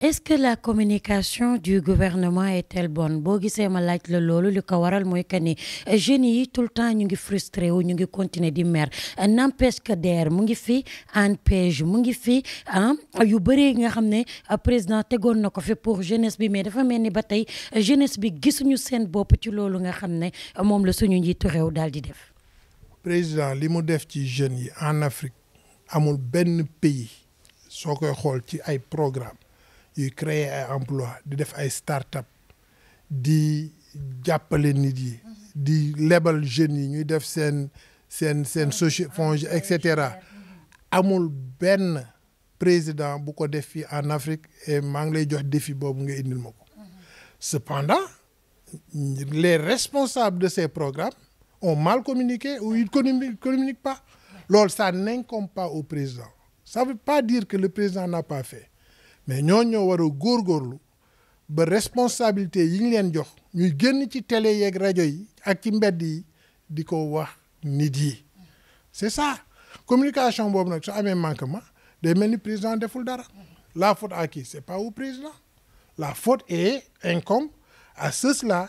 est-ce que la communication du gouvernement est-elle bonne boo gisee ma laaj le kawaral li kané. waral mooy que yi tout le temps ñu ngi frustré wu ñu ngi continuer di mer n'empêche que DER mu ngi fi ANPEJ mu ngi fi ah yu bëri nga xamné président tégon nako fi pour jeunesse bi mais dafa melni batay jeunesse bi gisunu sen bopp ci loolu nga xamné mom le suñu njiitu réew dal di def président li mu def ci jeunes yi en Afrique amul benn pays soo koy xool ci ay programme yuy créer ay emploi di def ay start-up di jàppale nit yi di lebal jeunes yi ñuy def seen seen seen soci fonds et cetera amul benn président bu ko def fi en Afrique et maa ngi lay jox défi boobu nga indil ma ko cependant les responsables de ces programmes ont mal communiqué ou ils ne communiquent, pas. Lors, ça n'incombe pas au président. Ça ne veut pas dire que le président n'a pas fait. Mais nous avons gorgorlu ba responsabilité yi ñu jox ñuy télé et radio yi ak c'est ça La communication c'est un manquement de même président de Fuldara. la faute à qui Ce n'est pas au président la faute est incombe à ceux-là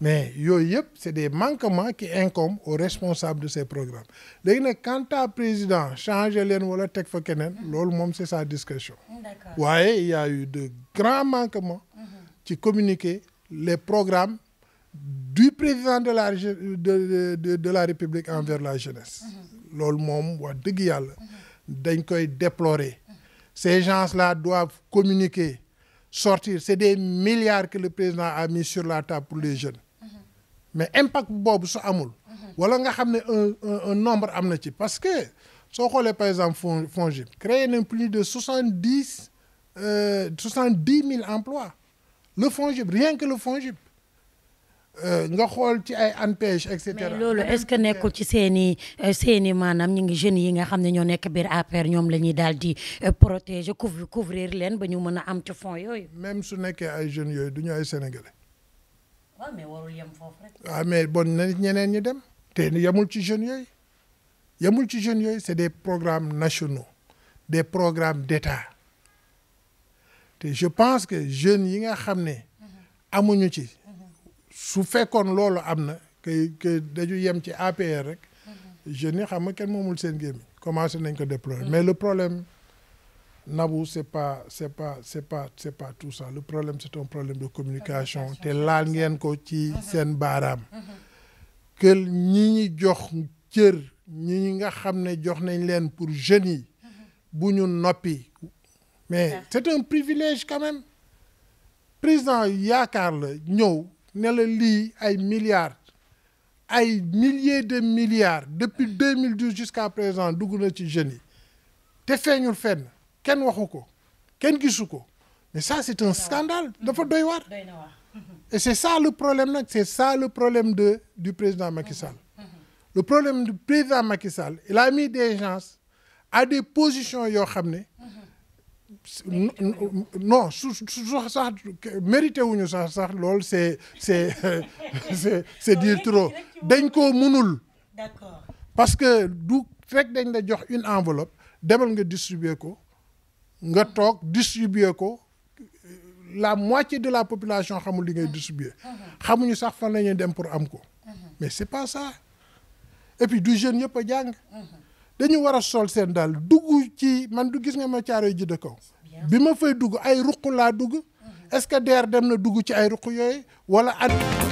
mais c'est des manquements qui incombent aux responsables de ces programmes quand un président change les wala c'est sa discussion il y a eu de grands manquements qui communiquaient les programmes du président de la de la République envers la jeunesse déplorer ces gens-là doivent communiquer sortir c'est des milliards que le président a mis sur la table pour les jeunes mais impact bobu su amul. wala nga xamné ne un un nombre amna ci parce que so xolé par exemple Fong FONGIP créé nañ plus de 70 euh, soixante dix emplois le FONGIP rien que le FONGIP. Euh, nga xol ci ay ANPEJ et cetera. mais loolu est-ce que nekul ci seni euh, seni manam ñi maanaam ngi jeunes yi nga xam ñoo nek bir APR ñom lañuy daldi euh, protéger couvrir couvrir ba ñu mëna am ci fond yoy même su nekkee ay jeunes yooyu du ñu ay sénégalais. Ah mais rek. Ah, mais bon na ñeneen ñi dem té yamul ci jeunes yoy yamul ci jeunes yoy c'est des programmes nationaux des programmes d'État té je pense que jeunes yi nga xamné amuñu ci. su fekkoon lolu amna na que que dañu yem ci APR rek. Mhm. jeunes yi xam nga kenn momul seen gemi commencé nañ ko déployer mhm. mais le problème. Nabou, c'est pas, c'est pas, c'est pas, c'est pas tout ça. Le problème, c'est un problème de communication. là, laal ngeen ko ci mm-hmm. seen que mm-hmm. ñi ñi jox cër ñi nga xam ne jox nañ leen pour jeunes yi. Mm-hmm. bu mais c'est un privilège quand même. président Yakar, il ñëw ne la milliards. des milliers de milliards depuis 2012 jusqu'à présent dugg na ci jeunes yi. de Ken wahoko, Ken gisuko. mais ça c'est un scandale dafa doy et c'est ça le problème là, c'est ça le problème de du président Macky mhm. Sall mhm. le problème du président Macky Sall il a mis des gens à des positions qui xam mhm. non su mérité wuñu ça c'est c'est c'est c'est dire trop dañ koo mënul d'accord parce que si rek dañ une enveloppe demal nga distribuer ko nga toog distribuer ko la moitié de la population xamul li ngay distribuer xamuñu sax fan la ñuy dem pour am ko mais c'est pas ça et puis du jeune yëpp a jàng dañu war a sol seen daal dugg ci man du gis nga ma caaro ji de kaw bi ma fay dugg ay ruq laa dugg est-ce que deer dem na dugg ci ay ruq yooyu wala at